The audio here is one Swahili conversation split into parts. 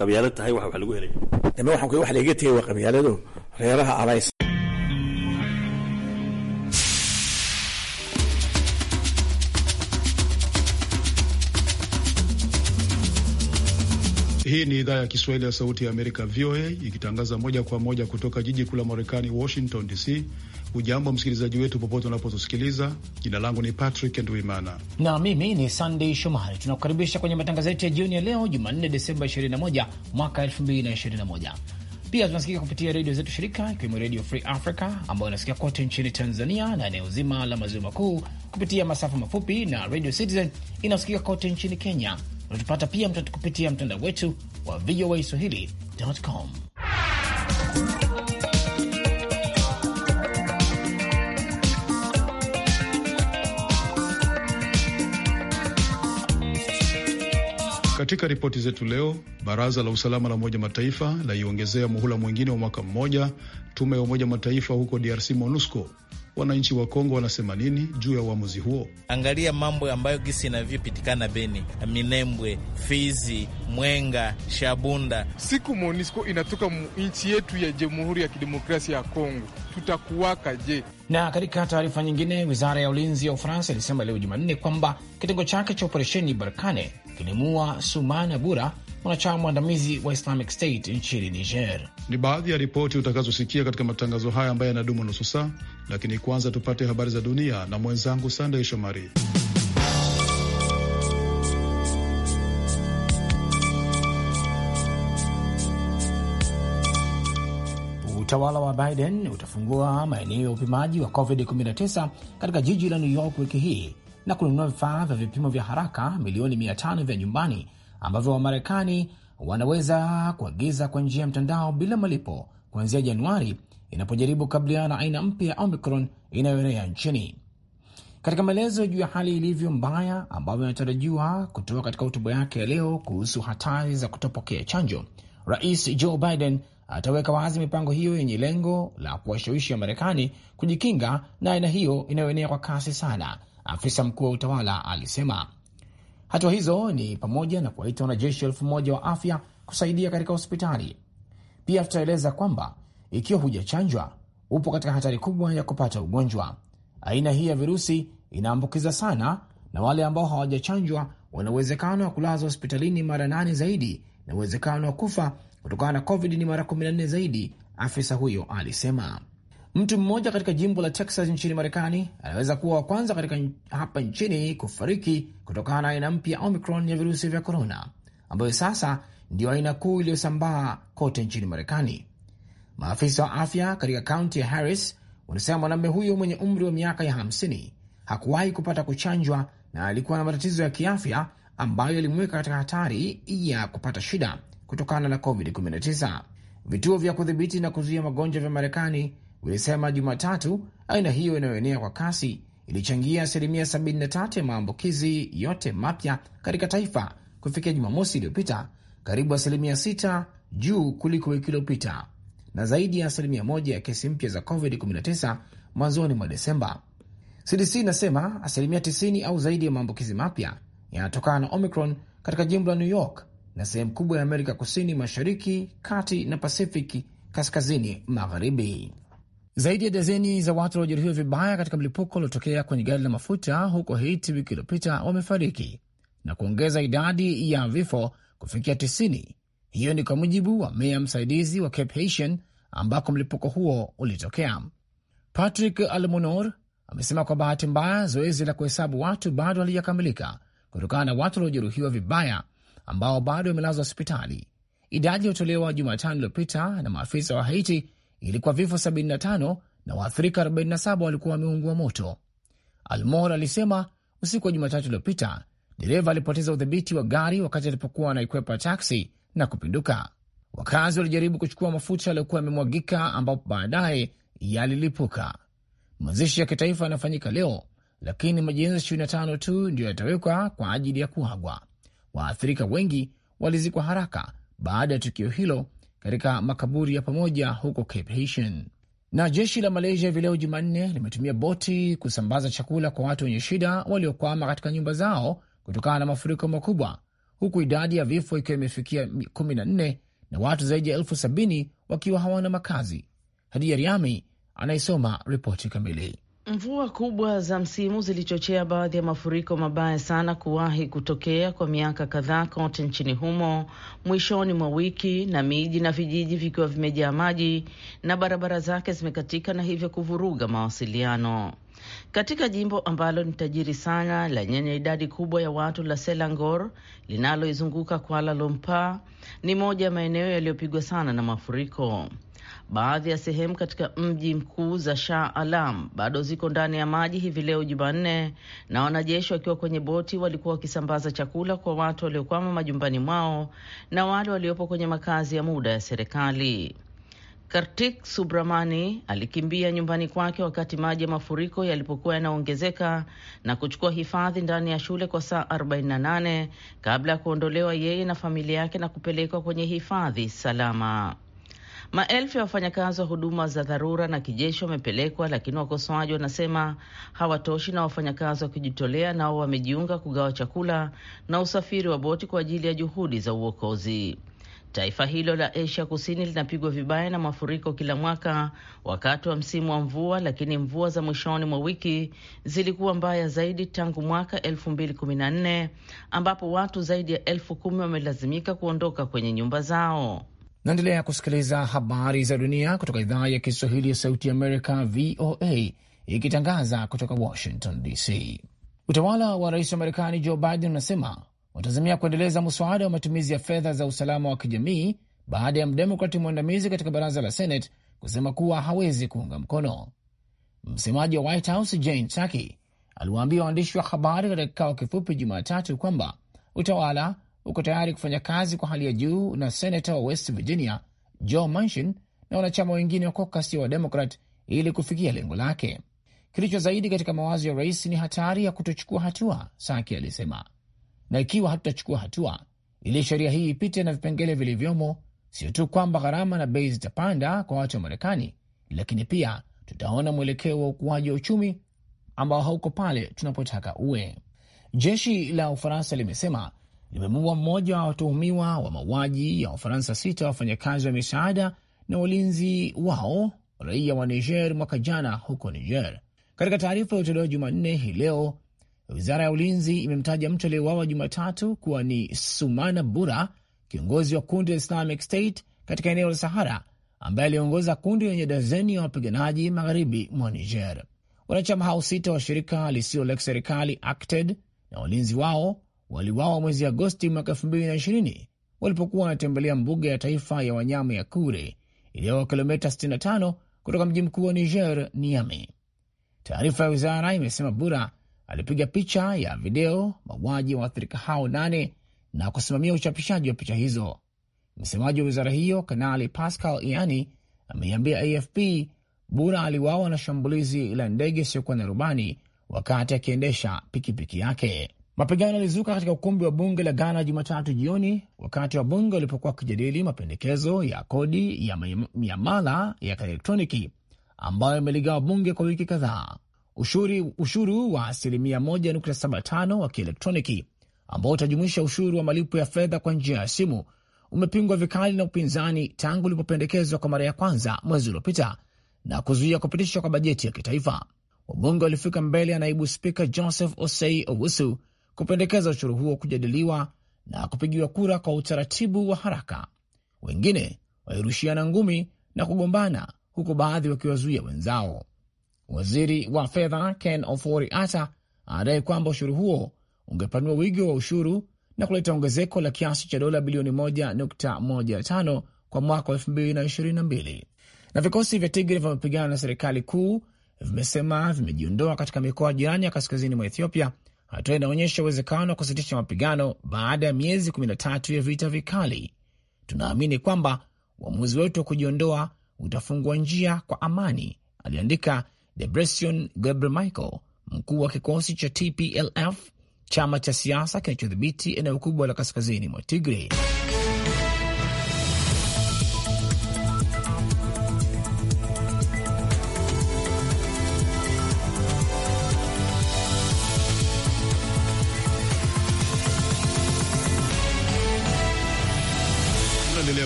qabyaalad tahay wa wa lagu helay dame waxaan ku wax laiga tegay waa qabyaalado reeraha alays Hii ni idhaa ya Kiswahili ya Sauti ya Amerika, VOA, ikitangaza moja kwa moja kutoka jiji kuu la Marekani, Washington DC. Ujambo msikilizaji wetu popote unapotusikiliza. Jina langu ni Patrick Nduimana na mimi ni Sandey Shomari. Tunakukaribisha kwenye matangazo yetu ya jioni ya leo Jumanne, Desemba 21 mwaka 2021. Pia tunasikika kupitia redio zetu shirika, ikiwemo Redio Free Africa ambayo inasikia kote nchini Tanzania na eneo zima la maziwa makuu kupitia masafa mafupi na Radio Citizen inayosikika kote nchini Kenya unatupata pia kupitia mtandao wetu wa VOA Swahili.com. Katika ripoti zetu leo, baraza la usalama la Umoja Mataifa laiongezea muhula mwingine wa mwaka mmoja tume ya Umoja Mataifa huko DRC, MONUSCO Wananchi wa Kongo wanasema nini juu ya uamuzi huo? Angalia mambo ambayo gisi inavyopitikana Beni, Minembwe, Fizi, Mwenga, Shabunda. Siku monisco inatoka nchi yetu ya Jamhuri ya Kidemokrasia ya Kongo, tutakuwaka je? Na katika taarifa nyingine, wizara ya ulinzi ya Ufaransa ilisema leo Jumanne kwamba kitengo chake cha operesheni Barkane kilimua Sumana Bura, mwanachama mwandamizi wa Islamic State nchini Niger. Ni baadhi ya ripoti utakazosikia katika matangazo haya ambayo yanadumu nusu saa, lakini kwanza tupate habari za dunia na mwenzangu Sandey Shomari. Utawala wa Biden utafungua maeneo ya upimaji wa COVID-19 katika jiji la New York wiki hii na kununua vifaa vya vipimo vya haraka milioni 500 vya nyumbani ambavyo Wamarekani wanaweza kuagiza kwa njia ya mtandao bila malipo kuanzia Januari inapojaribu kukabiliana na aina mpya ya Omicron inayoenea nchini. Katika maelezo juu ya hali ilivyo mbaya ambayo inatarajiwa kutoka katika hotuba yake ya leo kuhusu hatari za kutopokea chanjo, Rais Joe Biden ataweka wazi mipango hiyo yenye lengo la kuwashawishi Wamarekani kujikinga na aina hiyo inayoenea kwa kasi sana, afisa mkuu wa utawala alisema. Hatua hizo ni pamoja na kuwaita wanajeshi elfu moja wa afya kusaidia katika hospitali. Pia tutaeleza kwamba ikiwa hujachanjwa, upo katika hatari kubwa ya kupata ugonjwa. Aina hii ya virusi inaambukiza sana, na wale ambao hawajachanjwa wana uwezekano wa kulazwa hospitalini mara nane zaidi na uwezekano wa kufa kutokana na COVID ni mara 14 zaidi, afisa huyo alisema. Mtu mmoja katika jimbo la Texas nchini Marekani anaweza kuwa wa kwanza katika hapa nchini kufariki kutokana na aina mpya Omicron ya virusi vya korona, ambayo sasa ndiyo aina kuu iliyosambaa kote nchini Marekani. Maafisa wa afya katika kaunti ya Harris wanasema mwanamume huyo mwenye umri wa miaka ya 50 hakuwahi kupata kuchanjwa na alikuwa na matatizo ya kiafya ambayo yalimweka katika hatari ya kupata shida kutokana na COVID-19. Vituo vya kudhibiti na kuzuia magonjwa vya Marekani ulisema Jumatatu aina hiyo inayoenea kwa kasi ilichangia asilimia 73 ya maambukizi yote mapya katika taifa kufikia Jumamosi iliyopita, karibu asilimia 6 juu kuliko wiki iliyopita na zaidi ya asilimia moja ya kesi mpya za COVID-19 mwanzoni mwa Desemba. CDC inasema asilimia 90 au zaidi ya maambukizi mapya yanatokana na Omicron katika jimbo la New York na sehemu kubwa ya Amerika Kusini, Mashariki, Kati na pacific kaskazini magharibi. Zaidi ya dazeni za watu waliojeruhiwa vibaya katika mlipuko uliotokea kwenye gari la mafuta huko Haiti wiki iliyopita wamefariki na kuongeza idadi ya vifo kufikia tisini. Hiyo ni kwa mujibu wa meya msaidizi wa Cape Haitian ambako mlipuko huo ulitokea. Patrick Almonor amesema kwa bahati mbaya zoezi la kuhesabu watu bado halijakamilika kutokana na watu waliojeruhiwa vibaya ambao bado wamelazwa hospitali. Idadi iliyotolewa Jumatano iliyopita na maafisa wa Haiti ilikuwa vifo 75 na waathirika 47 walikuwa wameungua moto. Almor alisema usiku wa Jumatatu iliyopita dereva alipoteza udhibiti wa gari wakati alipokuwa anaikwepa taksi na kupinduka. Wakazi walijaribu kuchukua mafuta yaliyokuwa yamemwagika, ambapo baadaye yalilipuka. Mazishi ya kitaifa yanafanyika leo, lakini majenzi 25 tu ndiyo yatawekwa kwa ajili ya kuagwa. Waathirika wengi walizikwa haraka baada ya tukio hilo katika makaburi ya pamoja huko Cape Haitian. Na jeshi la Malaysia vileo Jumanne limetumia boti kusambaza chakula kwa watu wenye shida waliokwama katika nyumba zao kutokana na mafuriko makubwa, huku idadi ya vifo ikiwa imefikia 14 na watu zaidi ya elfu sabini wakiwa hawana makazi. Hadija Riami anayesoma ripoti kamili. Mvua kubwa za msimu zilichochea baadhi ya mafuriko mabaya sana kuwahi kutokea kwa miaka kadhaa kote nchini humo mwishoni mwa wiki, na miji na vijiji vikiwa vimejaa maji na barabara zake zimekatika na hivyo kuvuruga mawasiliano. Katika jimbo ambalo ni tajiri sana lenye idadi kubwa ya watu la Selangor linaloizunguka Kuala Lumpur, ni moja ya maeneo yaliyopigwa sana na mafuriko. Baadhi ya sehemu katika mji mkuu za Shah Alam bado ziko ndani ya maji hivi leo Jumanne, na wanajeshi wakiwa kwenye boti walikuwa wakisambaza chakula kwa watu waliokwama majumbani mwao na wale waliopo kwenye makazi ya muda ya serikali. Kartik Subramani alikimbia nyumbani kwake wakati maji ya mafuriko yalipokuwa yanaongezeka na kuchukua hifadhi ndani ya shule kwa saa 48 kabla ya kuondolewa yeye na familia yake na kupelekwa kwenye hifadhi salama. Maelfu ya wafanyakazi wa huduma za dharura na kijeshi wamepelekwa, lakini wakosoaji wanasema hawatoshi na wafanyakazi wa kujitolea nao wamejiunga kugawa chakula na usafiri wa boti kwa ajili ya juhudi za uokozi. Taifa hilo la Asia Kusini linapigwa vibaya na mafuriko kila mwaka wakati wa msimu wa mvua, lakini mvua za mwishoni mwa wiki zilikuwa mbaya zaidi tangu mwaka 2014 ambapo watu zaidi ya elfu kumi wamelazimika kuondoka kwenye nyumba zao. Naendelea kusikiliza habari za dunia kutoka idhaa ya Kiswahili ya Sauti ya Amerika, VOA, ikitangaza kutoka Washington DC. Utawala wa rais wa Marekani Joe Biden unasema watazamia kuendeleza mswada wa matumizi ya fedha za usalama wa kijamii baada ya mdemokrati mwandamizi katika baraza la Senate kusema kuwa hawezi kuunga mkono. Msemaji wa White House Jane Saki aliwaambia waandishi wa habari katika kikao kifupi Jumatatu kwamba utawala uko tayari kufanya kazi kwa hali ya juu na senata wa West Virginia Joe Manchin na wanachama wengine wa kokas ya Wademokrat ili kufikia lengo lake. Kilicho zaidi katika mawazo ya rais ni hatari ya kutochukua hatua, Saki alisema, na ikiwa hatutachukua hatua ili sheria hii ipite na vipengele vilivyomo, sio tu kwamba gharama na bei zitapanda kwa watu wa Marekani, lakini pia tutaona mwelekeo wa ukuaji wa uchumi ambao hauko pale tunapotaka uwe. Jeshi la Ufaransa limesema limemuua mmoja wa watuhumiwa wa mauaji ya Wafaransa sita wafanyakazi wa misaada na walinzi wao raia wa Niger mwaka jana huko Niger. Katika taarifa iliyotolewa Jumanne hii leo, wizara ya ulinzi imemtaja mtu aliyeuawa Jumatatu kuwa ni Sumana Bura, kiongozi wa kundi la Islamic State katika eneo la Sahara, ambaye aliongoza kundi lenye dazeni ya wapiganaji magharibi mwa Niger. Wanachama hao sita wa shirika lisilo la kiserikali Acted na walinzi wao waliwawa mwezi Agosti mwaka 220 walipokuwa wanatembelea mbuga ya taifa ya wanyama ya Kure iliyoko kilomita 65 kutoka mji mkuu wa Niger, Niamey. Taarifa ya wizara imesema Bura alipiga picha ya video mauaji ya waathirika hao nane na kusimamia uchapishaji wa picha hizo. Msemaji wa wizara hiyo Kanali Pascal Iani ameiambia AFP Bura aliwawa na shambulizi la ndege isiyokuwa na rubani wakati akiendesha pikipiki yake. Mapigano yalizuka katika ukumbi wa bunge la Ghana Jumatatu jioni wakati wa bunge walipokuwa wakijadili mapendekezo ya kodi ya miamala ya kielektroniki ambayo imeligawa bunge kwa wiki kadhaa. Ushuru, ushuru wa asilimia 1.75 wa kielektroniki ambao utajumuisha ushuru wa malipo ya fedha kwa njia ya simu umepingwa vikali na upinzani tangu ulipopendekezwa kwa mara ya kwanza mwezi uliopita na kuzuia kupitishwa kwa bajeti ya kitaifa. Wabunge walifika mbele ya naibu spika Joseph Osei Owusu kupendekeza ushuru huo kujadiliwa na kupigiwa kura kwa utaratibu wa haraka. Wengine walirushiana ngumi na kugombana, huku baadhi wakiwazuia wenzao. Waziri wa fedha Ken Ofori Ata anadai kwamba ushuru huo ungepanua wigo wa ushuru na kuleta ongezeko la kiasi cha dola bilioni 1.15 kwa mwaka wa 2022. Na vikosi vya Tigri vimepigana na serikali kuu vimesema vimejiondoa katika mikoa jirani ya kaskazini mwa Ethiopia hatua inaonyesha uwezekano wa kusitisha mapigano baada ya miezi 13 ya vita vikali. Tunaamini kwamba uamuzi wetu wa kujiondoa utafungua njia kwa amani, aliandika Debresion Gebremichael, mkuu wa kikosi cha TPLF, chama cha siasa kinachodhibiti eneo kubwa la kaskazini mwa Tigray.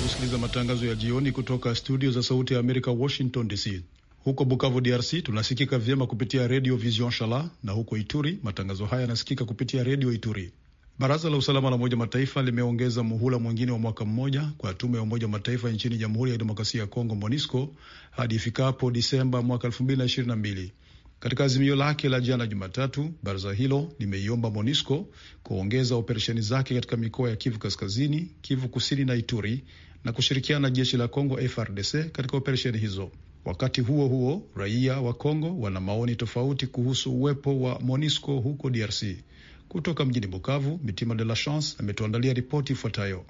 kusikiliza matangazo ya jioni kutoka studio za Sauti ya Amerika, Washington DC. Huko Bukavu, DRC, tunasikika vyema kupitia Redio Vision Shala, na huko Ituri matangazo haya yanasikika kupitia Redio Ituri. Baraza la Usalama la Umoja Mataifa limeongeza muhula mwingine wa mwaka mmoja kwa tume ya Umoja Mataifa nchini Jamhuri ya Demokrasia ya Kongo, MONISCO, hadi ifikapo Disemba mwaka 2022. Katika azimio lake la jana Jumatatu, baraza hilo limeiomba MONISCO kuongeza operesheni zake katika mikoa ya Kivu Kaskazini, Kivu Kusini na Ituri na kushirikiana na jeshi la Kongo FRDC katika operesheni hizo. Wakati huo huo, raia wa Kongo wana maoni tofauti kuhusu uwepo wa MONUSCO huko DRC. Kutoka mjini Bukavu, Mitima de la Chance ametuandalia ripoti ifuatayo.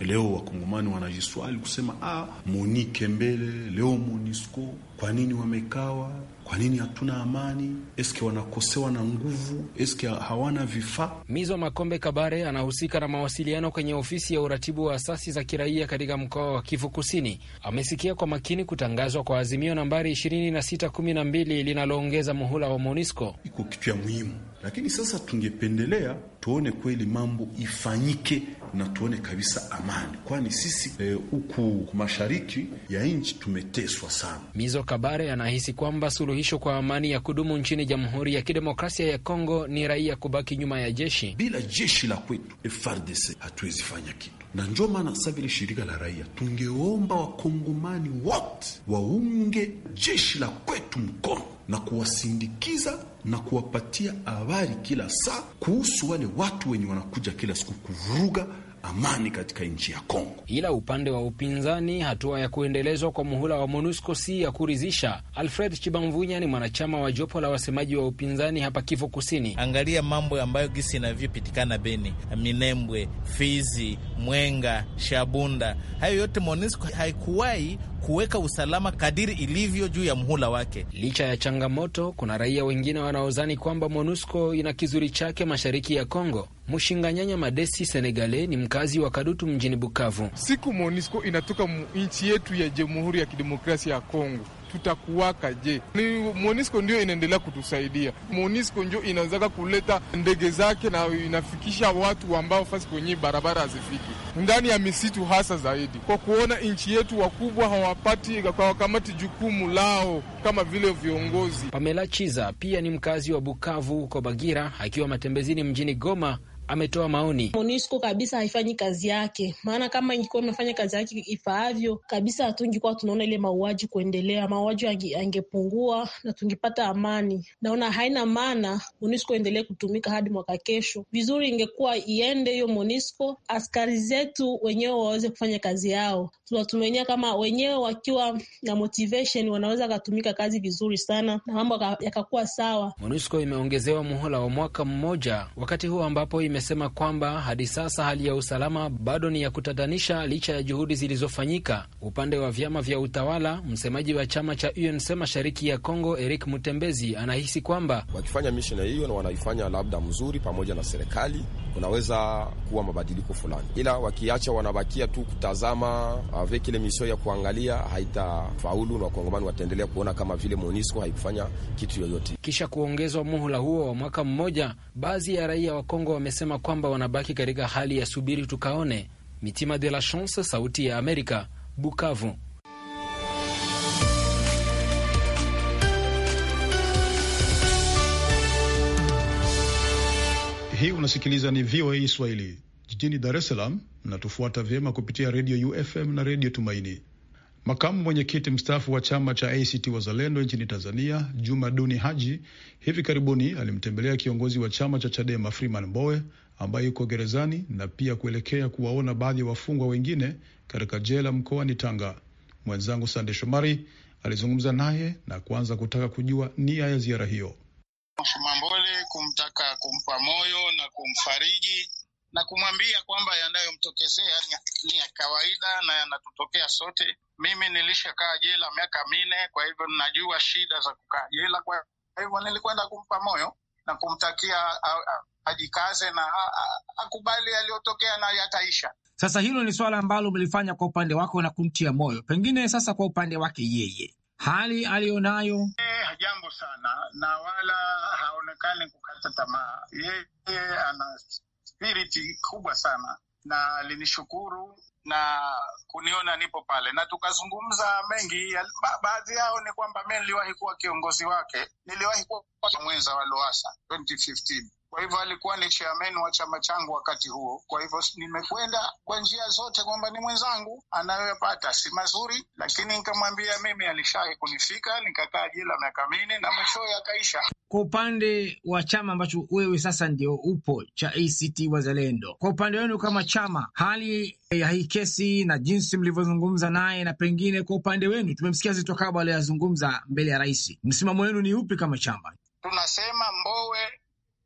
Leo wakongomani wanajiswali kusema ah, monike mbele leo monisco kwa nini wamekawa? Kwa nini hatuna amani? Eske wanakosewa na nguvu? Eske hawana vifaa? mizo Makombe Kabare anahusika na mawasiliano kwenye ofisi ya uratibu wa asasi za kiraia katika mkoa wa Kivu Kusini. Amesikia kwa makini kutangazwa kwa azimio nambari 2612 linaloongeza muhula wa MONUSCO. Iko kitu ya muhimu, lakini sasa tungependelea tuone kweli mambo ifanyike na tuone kabisa amani, kwani sisi eh, huku e, mashariki ya nchi tumeteswa sana Mizo Kabare anahisi kwamba suluhisho kwa amani ya kudumu nchini Jamhuri ya Kidemokrasia ya Kongo ni raia kubaki nyuma ya jeshi. Bila jeshi la kwetu frdc hatuwezi fanya kitu, na njo maana sasa vile shirika la raia tungeomba wakongomani wote waunge jeshi la kwetu mkono na kuwasindikiza na kuwapatia habari kila saa kuhusu wale watu wenye wanakuja kila siku kuvuruga amani katika nchi ya Kongo. Ila upande wa upinzani, hatua ya kuendelezwa kwa muhula wa MONUSCO si ya kuridhisha. Alfred Chibamvunya ni mwanachama wa jopo la wasemaji wa upinzani hapa Kivu Kusini. Angalia mambo ambayo gisi inavyopitikana Beni, Minembwe, Fizi, Mwenga, Shabunda, hayo yote MONUSCO haikuwahi kuweka usalama kadiri ilivyo juu ya mhula wake. Licha ya changamoto, kuna raia wengine wanaozani kwamba MONUSCO ina kizuri chake mashariki ya Kongo. Mshinganyanya Madesi Senegale ni mkazi wa Kadutu mjini Bukavu. Siku MONUSCO inatoka nchi yetu ya Jamhuri ya Kidemokrasia ya Kongo tutakuwaka je? Ni Monisco ndio inaendelea kutusaidia. Monisco ndio inawezaka kuleta ndege zake na inafikisha watu ambao fasi kwenye barabara hazifiki ndani ya misitu hasa zaidi, kwa kuona nchi yetu wakubwa hawapati wakamati jukumu lao kama vile viongozi. Pamela Chiza pia ni mkazi wa Bukavu huko Bagira, akiwa matembezini mjini Goma ametoa maoni. MONUSCO kabisa haifanyi kazi yake, maana kama ingekuwa imefanya kazi yake ifaavyo kabisa, hatungekuwa tunaona ile mauaji kuendelea. Mauaji angepungua na tungepata amani. Naona haina maana MONUSCO endelee kutumika hadi mwaka kesho. Vizuri ingekuwa iende hiyo MONUSCO, askari zetu wenyewe waweze kufanya kazi yao, tunatumainia kama wenyewe wakiwa na motivation wanaweza wakatumika kazi vizuri sana na mambo yakakuwa sawa. MONUSCO imeongezewa muhula wa mwaka mmoja, wakati huo ambapo imesema kwamba hadi sasa hali ya usalama bado ni ya kutatanisha licha ya juhudi zilizofanyika upande wa vyama vya utawala. Msemaji wa chama cha UNC mashariki ya Kongo, Eric Mutembezi, anahisi kwamba wakifanya misheni hiyo na wanaifanya labda mzuri pamoja na serikali kunaweza kuwa mabadiliko fulani, ila wakiacha wanabakia tu kutazama uh, avec ile mission ya kuangalia, haitafaulu na wakongomani wataendelea kuona kama vile MONUSCO haikufanya kitu yoyote. Kisha kuongezwa muhula huo wa mwaka mmoja, baadhi ya raia wa Kongo wamesema kwamba wanabaki katika hali ya subiri tukaone. Mitima de la Chance, Sauti ya Amerika, Bukavu. Hii unasikiliza ni VOA Swahili jijini Dar es Salaam, na tufuata vyema kupitia redio UFM na redio Tumaini. Makamu mwenyekiti mstaafu wa chama cha ACT Wazalendo nchini Tanzania, Juma Duni Haji, hivi karibuni alimtembelea kiongozi wa chama cha Chadema Freeman Mbowe ambaye yuko gerezani na pia kuelekea kuwaona baadhi ya wafungwa wengine katika jela mkoani Tanga. Mwenzangu Sande Shomari alizungumza naye na kuanza kutaka kujua nia ya ziara hiyo. Mfumambole kumtaka kumpa moyo na kumfariji na kumwambia kwamba yanayomtokezea ni ya kawaida na yanatutokea sote. Mimi nilishakaa jela miaka minne, kwa hivyo najua shida za kukaa jela. Kwa hivyo nilikwenda kumpa moyo na kumtakia ajikaze na akubali yaliyotokea na yataisha. Sasa hilo ni swala ambalo umelifanya kwa upande wako na kumtia moyo, pengine sasa kwa upande wake yeye hali aliyonayo hajambo sana na wala haonekani kukata tamaa. Yeye ana spiriti kubwa sana na alinishukuru na kuniona nipo pale na tukazungumza mengi. Baadhi yao ni kwamba mi niliwahi kuwa kiongozi wake, niliwahi kuwa mwenza wa Loasa 2015 kwa hivyo alikuwa ni chairman wa chama changu wakati huo. Kwa hivyo nimekwenda kwa njia zote kwamba ni mwenzangu, anayoyapata si mazuri, lakini nikamwambia mimi, alishawahi kunifika nikakaa jela miaka minne na mwishowe akaisha kwa upande wa chama ambacho wewe sasa ndio upo cha ACT Wazalendo, kwa upande wenu kama chama, hali ya hii kesi na jinsi mlivyozungumza naye, na pengine kwa upande wenu, tumemsikia Zitto Kabwe aliyoyazungumza mbele ya rais, msimamo wenu ni upi kama chama? Tunasema Mbowe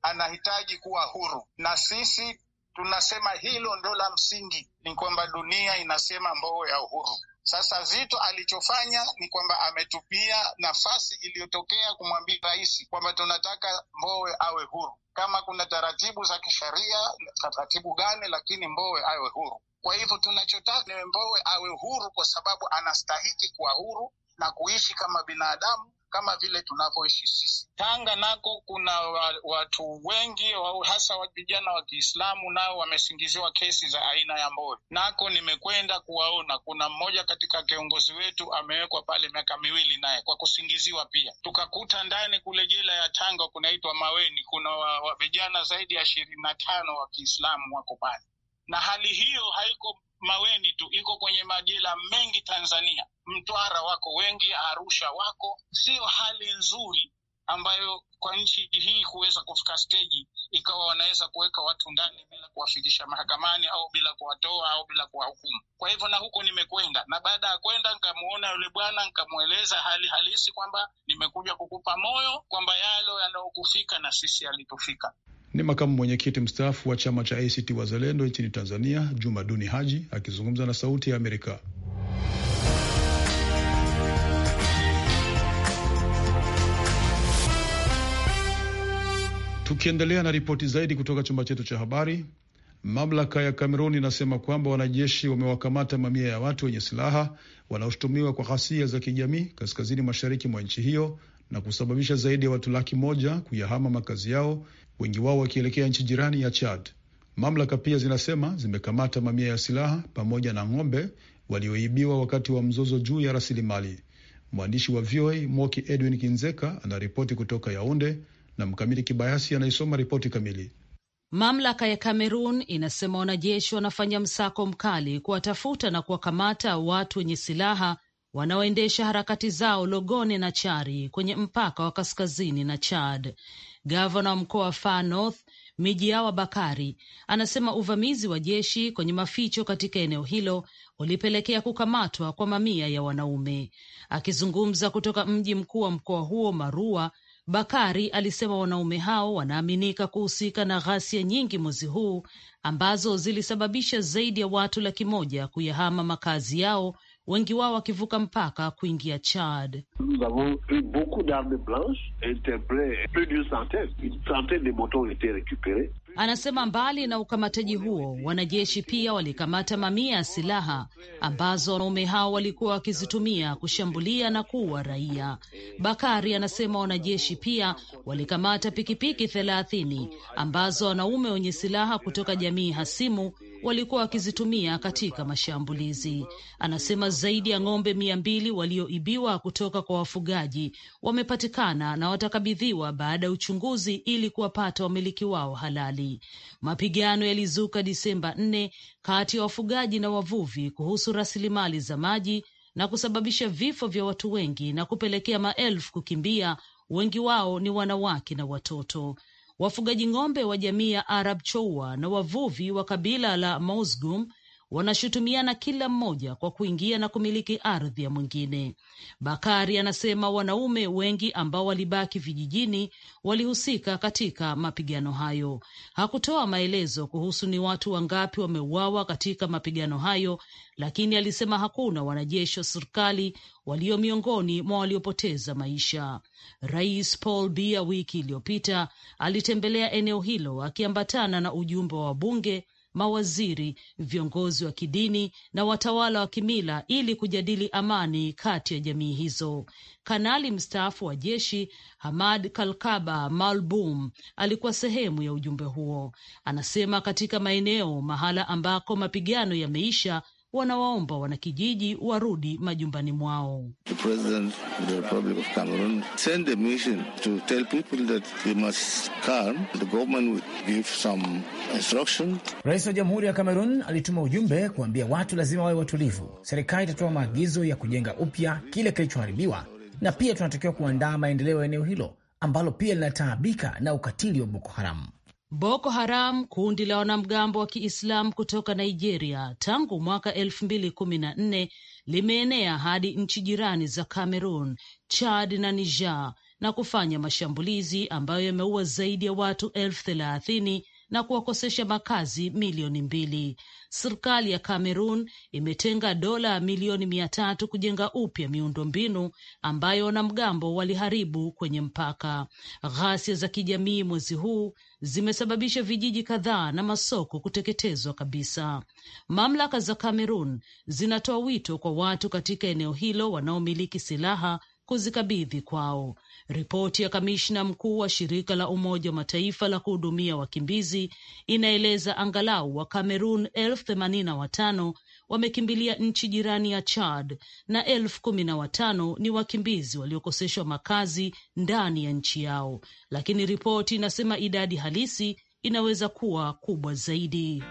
anahitaji kuwa huru, na sisi tunasema hilo ndo la msingi, ni kwamba dunia inasema Mbowe ya uhuru sasa zito alichofanya ni kwamba ametupia nafasi iliyotokea kumwambia rais kwamba tunataka Mbowe awe huru, kama kuna taratibu za kisheria, taratibu gani, lakini Mbowe awe huru. Kwa hivyo tunachotaka ni Mbowe awe huru, kwa sababu anastahiki kuwa huru na kuishi kama binadamu kama vile tunavyoishi sisi. Tanga nako kuna watu wengi hasa vijana wa Kiislamu nao wamesingiziwa kesi za aina ya mbori. Nako nimekwenda kuwaona, kuna mmoja katika kiongozi wetu amewekwa pale miaka miwili naye kwa kusingiziwa pia. Tukakuta ndani kule jela ya Tanga kunaitwa Maweni, kuna wa, wa vijana zaidi ya ishirini na tano wa Kiislamu wako pale na hali hiyo haiko Maweni tu iko kwenye majela mengi Tanzania. Mtwara wako wengi, Arusha wako. Sio hali nzuri ambayo kwa nchi hii kuweza kufika steji ikawa wanaweza kuweka watu ndani bila kuwafikisha mahakamani au bila kuwatoa au bila kuwahukumu. Kwa hivyo na huko nimekwenda, na baada ya kwenda nkamwona yule bwana, nkamweleza hali halisi kwamba nimekuja kukupa moyo kwamba yalo yanayokufika na sisi yalitufika. Ni makamu mwenyekiti mstaafu wa chama cha ACT Wazalendo nchini Tanzania, Juma Duni Haji akizungumza na Sauti ya Amerika. Tukiendelea na ripoti zaidi kutoka chumba chetu cha habari, mamlaka ya Kamerun inasema kwamba wanajeshi wamewakamata mamia ya watu wenye silaha wanaoshutumiwa kwa ghasia za kijamii kaskazini mashariki mwa nchi hiyo na kusababisha zaidi ya watu laki moja kuyahama makazi yao wengi wao wakielekea nchi jirani ya Chad. Mamlaka pia zinasema zimekamata mamia ya silaha pamoja na ng'ombe walioibiwa wakati wa mzozo juu ya rasilimali. Mwandishi wa VOA Moki Edwin Kinzeka anaripoti kutoka Yaunde na Mkamili Kibayasi anaisoma ripoti kamili. Mamlaka ya Kamerun inasema wanajeshi wanafanya msako mkali kuwatafuta na kuwakamata watu wenye silaha wanaoendesha harakati zao Logone na Chari kwenye mpaka wa kaskazini na Chad. Gavana wa mkoa wa Far North miji Mijiawa Bakari anasema uvamizi wa jeshi kwenye maficho katika eneo hilo ulipelekea kukamatwa kwa mamia ya wanaume. Akizungumza kutoka mji mkuu wa mkoa huo Marua, Bakari alisema wanaume hao wanaaminika kuhusika na ghasia nyingi mwezi huu ambazo zilisababisha zaidi ya watu laki moja kuyahama makazi yao wengi wao wakivuka mpaka kuingia Chad. plus de moto Anasema mbali na ukamataji huo, wanajeshi pia walikamata mamia ya silaha ambazo wanaume hao walikuwa wakizitumia kushambulia na kuua raia. Bakari anasema wanajeshi pia walikamata pikipiki thelathini ambazo wanaume wenye silaha kutoka jamii hasimu walikuwa wakizitumia katika mashambulizi. Anasema zaidi ya ng'ombe mia mbili walioibiwa kutoka kwa wafugaji wamepatikana na watakabidhiwa baada ya uchunguzi ili kuwapata wamiliki wao halali mbili. Mapigano yalizuka Disemba nne kati ya wafugaji na wavuvi kuhusu rasilimali za maji na kusababisha vifo vya watu wengi na kupelekea maelfu kukimbia, wengi wao ni wanawake na watoto. Wafugaji ng'ombe wa jamii ya Arab Choua na wavuvi wa kabila la Mosgum wanashutumiana kila mmoja kwa kuingia na kumiliki ardhi ya mwingine. Bakari anasema wanaume wengi ambao walibaki vijijini walihusika katika mapigano hayo. Hakutoa maelezo kuhusu ni watu wangapi wameuawa katika mapigano hayo, lakini alisema hakuna wanajeshi wa serikali walio miongoni mwa waliopoteza maisha. Rais Paul bia wiki iliyopita alitembelea eneo hilo akiambatana na ujumbe wa bunge mawaziri, viongozi wa kidini na watawala wa kimila ili kujadili amani kati ya jamii hizo. Kanali mstaafu wa jeshi Hamad Kalkaba Malbum alikuwa sehemu ya ujumbe huo. Anasema katika maeneo mahala ambako mapigano yameisha wanawaomba wanakijiji warudi majumbani mwao. Rais wa Jamhuri ya cameron alituma ujumbe kuambia watu lazima wawe watulivu. Serikali itatoa maagizo ya kujenga upya kile kilichoharibiwa, na pia tunatakiwa kuandaa maendeleo ya eneo hilo ambalo pia linataabika na ukatili wa Boko Haramu. Boko Haram, kundi la wanamgambo wa Kiislamu kutoka Nigeria, tangu mwaka elfu mbili kumi na nne limeenea hadi nchi jirani za Cameroon, Chad na Niger na kufanya mashambulizi ambayo yameua zaidi ya watu elfu thelathini na kuwakosesha makazi milioni mbili. Serikali ya Kamerun imetenga dola milioni mia tatu kujenga upya miundombinu ambayo wanamgambo waliharibu kwenye mpaka. Ghasia za kijamii mwezi huu zimesababisha vijiji kadhaa na masoko kuteketezwa kabisa. Mamlaka za Kamerun zinatoa wito kwa watu katika eneo hilo wanaomiliki silaha kuzikabidhi kwao. Ripoti ya kamishna mkuu wa shirika la Umoja wa Mataifa la kuhudumia wakimbizi inaeleza angalau wa Kamerun elfu themanini na watano wamekimbilia nchi jirani ya Chad na elfu kumi na watano ni wakimbizi waliokoseshwa makazi ndani ya nchi yao, lakini ripoti inasema idadi halisi inaweza kuwa kubwa zaidi.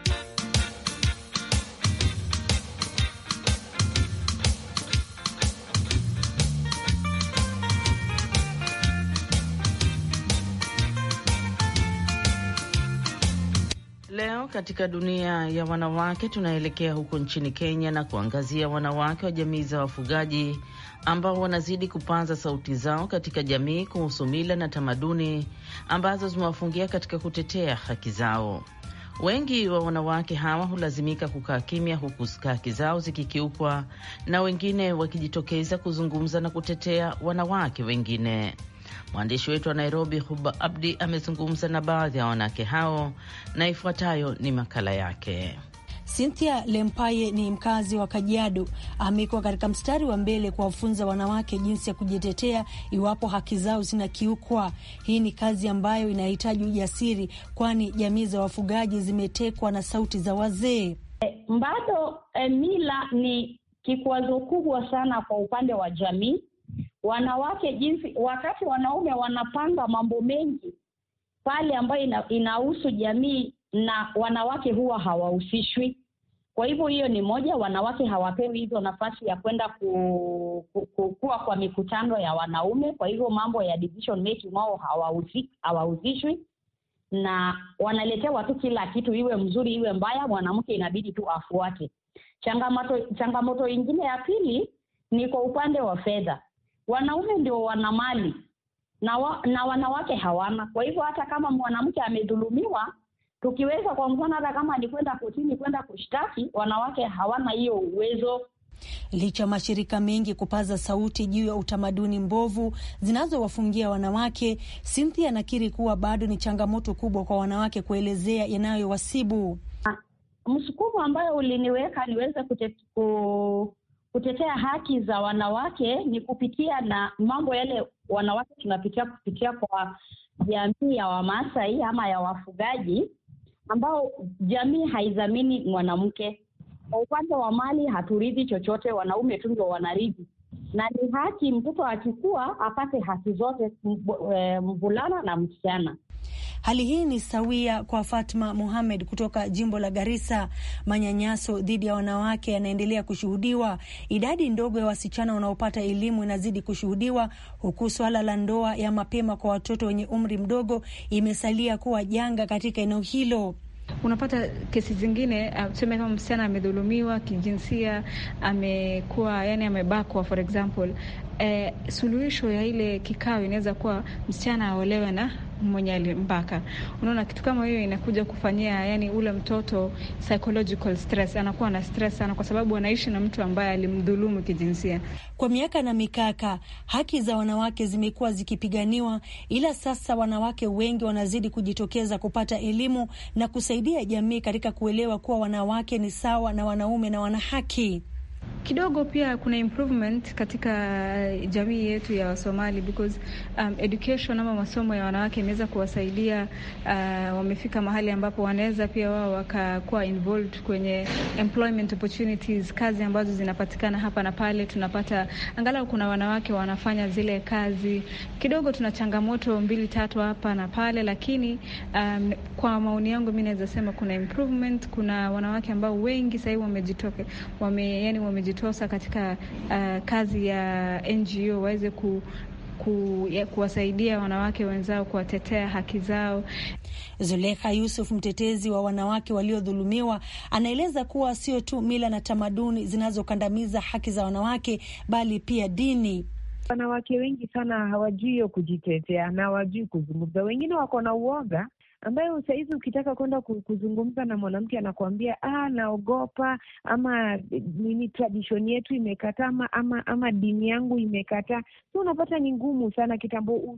Leo katika dunia ya wanawake tunaelekea huko nchini Kenya na kuangazia wanawake wa jamii za wafugaji ambao wanazidi kupanza sauti zao katika jamii kuhusu mila na tamaduni ambazo zimewafungia katika kutetea haki zao. Wengi wa wanawake hawa hulazimika kukaa kimya huku haki zao zikikiukwa na wengine wakijitokeza kuzungumza na kutetea wanawake wengine. Mwandishi wetu wa Nairobi, Huba Abdi, amezungumza na baadhi ya wanawake hao na ifuatayo ni makala yake. Cynthia Lempaye ni mkazi wa Kajiado. Amekuwa katika mstari wa mbele kuwafunza wanawake jinsi ya kujitetea iwapo haki zao zinakiukwa. Hii ni kazi ambayo inahitaji ujasiri, kwani jamii za wafugaji zimetekwa na sauti za wazee. E, bado e, mila ni kikwazo kubwa sana kwa upande wa jamii wanawake jinsi wakati wanaume wanapanga mambo mengi pale ambayo ina, inahusu jamii na wanawake huwa hawahusishwi kwa hivyo hiyo ni moja wanawake hawapewi hizo nafasi ya kwenda ku, ku, ku, kuwa kwa mikutano ya wanaume kwa hivyo mambo ya decision making wao hawahusishwi na wanaletewa tu kila kitu iwe mzuri iwe mbaya mwanamke inabidi tu afuate changamoto changamoto ingine ya pili ni kwa upande wa fedha Wanaume ndio wana mali na, wa, na wanawake hawana. Kwa hivyo hata kama mwanamke amedhulumiwa, tukiweza kwa mfano, hata kama ni kwenda kotini kwenda kushtaki, wanawake hawana hiyo uwezo. Licha mashirika mengi kupaza sauti juu ya utamaduni mbovu zinazowafungia wanawake, Cynthia anakiri kuwa bado ni changamoto kubwa kwa wanawake kuelezea yanayowasibu. Msukumo ambayo uliniweka niweze kute, kutetea haki za wanawake ni kupitia na mambo yale wanawake tunapitia kupitia kwa jamii ya Wamasai ama ya wafugaji ambao jamii haidhamini mwanamke. Kwa upande wa mali haturidhi chochote, wanaume tu ndio wanaridhi, na ni haki mtoto akikua apate haki zote, eh, mvulana na msichana. Hali hii ni sawia kwa Fatma muhamed kutoka jimbo la Garissa. Manyanyaso dhidi ya wanawake yanaendelea kushuhudiwa, idadi ndogo ya wasichana wanaopata elimu inazidi kushuhudiwa, huku swala la ndoa ya mapema kwa watoto wenye umri mdogo imesalia kuwa janga katika eneo hilo. Unapata kesi zingine uh, tuseme, kama msichana amedhulumiwa kijinsia, amekuwa yani amebakwa for example eh, suluhisho ya ile kikao inaweza kuwa msichana aolewe na mwenye alimbaka. Unaona, kitu kama hiyo inakuja kufanyia yani ule mtoto psychological stress, anakuwa na stress sana, kwa sababu anaishi na mtu ambaye alimdhulumu kijinsia. Kwa miaka na mikaka, haki za wanawake zimekuwa zikipiganiwa, ila sasa wanawake wengi wanazidi kujitokeza kupata elimu na kusaidia jamii katika kuelewa kuwa wanawake ni sawa na wanaume na wana haki kidogo pia kuna improvement katika jamii yetu ya Wasomali because um, education ama masomo ya wanawake imeweza kuwasaidia uh, wamefika mahali ambapo wanaweza pia wao wakakuwa involved kwenye employment opportunities, kazi ambazo zinapatikana hapa na pale. Tunapata angalau kuna wanawake wanafanya zile kazi. Kidogo tuna changamoto mbili tatu hapa na pale, lakini um, kwa maoni yangu mimi naweza sema kuna improvement. Kuna wanawake ambao wengi sasa hivi wamejitoke wame, yani wamejitoke kujitosa katika uh, kazi ya NGO waweze ku Ku, kuwasaidia wanawake wenzao kuwatetea haki zao. Zulekha Yusuf, mtetezi wa wanawake waliodhulumiwa, anaeleza kuwa sio tu mila na tamaduni zinazokandamiza haki za wanawake, bali pia dini. Wanawake wengi sana hawajui kujitetea na hawajui kuzungumza, wengine wako na uoga ambayo sahizi ukitaka kwenda kuzungumza na mwanamke anakuambia ah, naogopa ama nini, tradishoni yetu imekataa ama, ama, ama dini yangu imekataa. si unapata ni ngumu sana kitambo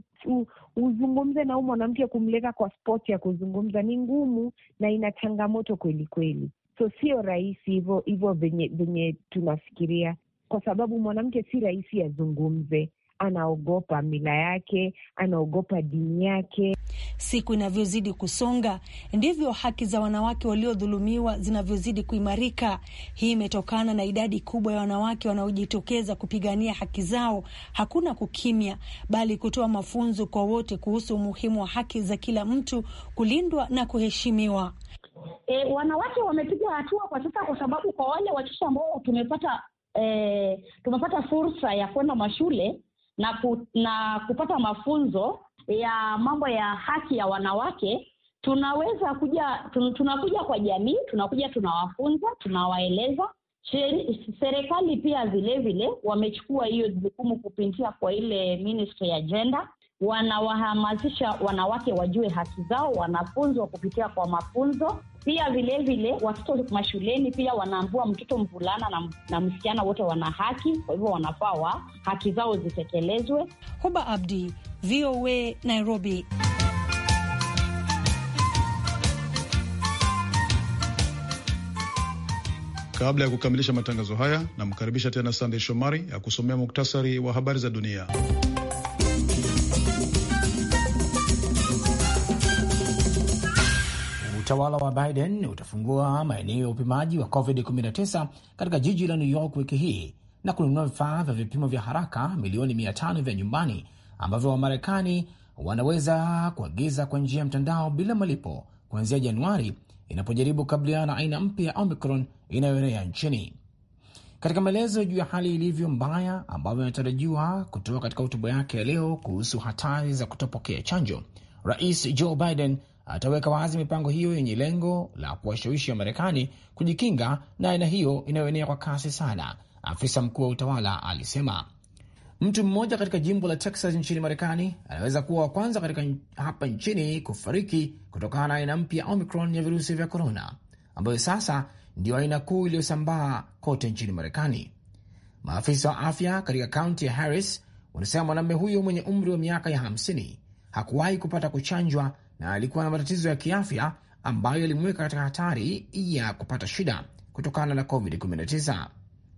uzungumze na huu mwanamke, kumleta kwa spot ya kuzungumza ni ngumu na ina changamoto kweli kweli. So sio rahisi hivyo hivyo venye venye tunafikiria, kwa sababu mwanamke si rahisi azungumze anaogopa mila yake, anaogopa dini yake. Siku inavyozidi kusonga, ndivyo haki za wanawake waliodhulumiwa zinavyozidi kuimarika. Hii imetokana na idadi kubwa ya wanawake wanaojitokeza kupigania haki zao. Hakuna kukimya, bali kutoa mafunzo kwa wote kuhusu umuhimu wa haki za kila mtu kulindwa na kuheshimiwa. E, wanawake wamepiga hatua kwa sasa, kwa sababu kwa wale wachache ambao tumepata e, tumepata fursa ya kwenda mashule na, ku, na kupata mafunzo ya mambo ya haki ya wanawake tunaweza kuja tun, tunakuja kwa jamii tunakuja tunawafunza tunawaeleza serikali pia vile vile wamechukua hiyo jukumu kupitia kwa ile ministry ya jenda wanawahamasisha wanawake wajue haki zao wanafunzwa kupitia kwa mafunzo pia vilevile watoto mashuleni pia wanaambua mtoto mvulana na, na msichana wote wana haki, kwa hivyo wanafaa wa haki zao zitekelezwe. Huba Abdi, VOA Nairobi. Kabla ya kukamilisha matangazo haya, namkaribisha tena Sandey Shomari ya kusomea muktasari wa habari za dunia. Utawala wa Biden utafungua maeneo ya upimaji wa COVID-19 katika jiji la New York wiki hii na kununua vifaa vya vipimo vya haraka milioni 500 vya nyumbani ambavyo Wamarekani wanaweza kuagiza kwa njia ya mtandao bila malipo kuanzia Januari inapojaribu kukabiliana na aina mpya ya Omicron inayoenea nchini. Katika maelezo juu ya hali ilivyo mbaya ambavyo inatarajiwa kutoka katika hotuba yake ya leo kuhusu hatari za kutopokea chanjo, Rais Joe Biden ataweka wazi mipango hiyo yenye lengo la kuwashawishi Wamarekani kujikinga na aina hiyo inayoenea kwa kasi sana, afisa mkuu wa utawala alisema. Mtu mmoja katika jimbo la Texas nchini Marekani anaweza kuwa wa kwanza katika hapa nchini kufariki kutokana na aina mpya Omicron ya virusi vya korona, ambayo sasa ndiyo aina kuu iliyosambaa kote nchini Marekani. Maafisa wa afya katika kaunti ya Harris wanasema mwanamume huyo mwenye umri wa miaka ya 50 hakuwahi kupata kuchanjwa na alikuwa na matatizo ya kiafya ambayo yalimweka katika hatari ya kupata shida kutokana na COVID-19.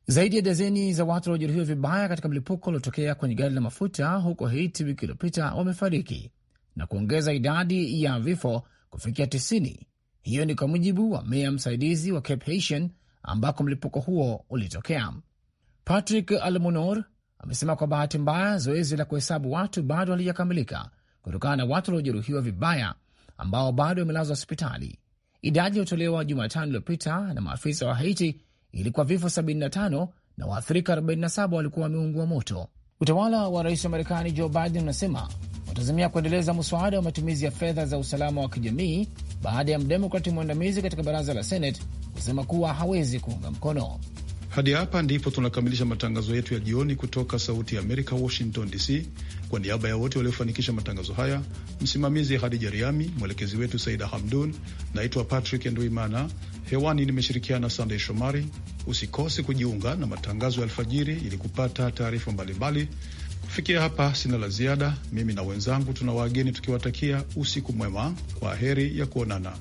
Zaidi ya dazeni za watu waliojeruhiwa vibaya katika mlipuko uliotokea kwenye gari la mafuta huko Haiti wiki iliyopita wamefariki na kuongeza idadi ya vifo kufikia 90. Hiyo ni kwa mujibu wa meya msaidizi wa Cape Haitian ambako mlipuko huo ulitokea. Patrick Almonor amesema kwa bahati mbaya zoezi la kuhesabu watu bado halijakamilika kutokana na watu waliojeruhiwa vibaya ambao bado wamelazwa hospitali. Idadi iliyotolewa Jumatano iliyopita na maafisa wa Haiti ilikuwa vifo 75 na waathirika 47 walikuwa wameungua moto. Utawala wa rais wa Marekani Joe Biden unasema watazamia kuendeleza mswada wa matumizi ya fedha za usalama wa kijamii baada ya mdemokrati mwandamizi katika baraza la Senate kusema kuwa hawezi kuunga mkono. Hadi hapa ndipo tunakamilisha matangazo yetu ya jioni kutoka Sauti ya Amerika, Washington DC. Kwa niaba ya wote waliofanikisha matangazo haya, msimamizi Hadija Riami, mwelekezi wetu Saida Hamdun. Naitwa Patrick Nduimana, hewani nimeshirikiana na Sandey Shomari. Usikose kujiunga na matangazo ya alfajiri ili kupata taarifa mbalimbali. Kufikia hapa, sina la ziada. Mimi na wenzangu tuna wageni tukiwatakia usiku mwema. Kwa heri ya kuonana.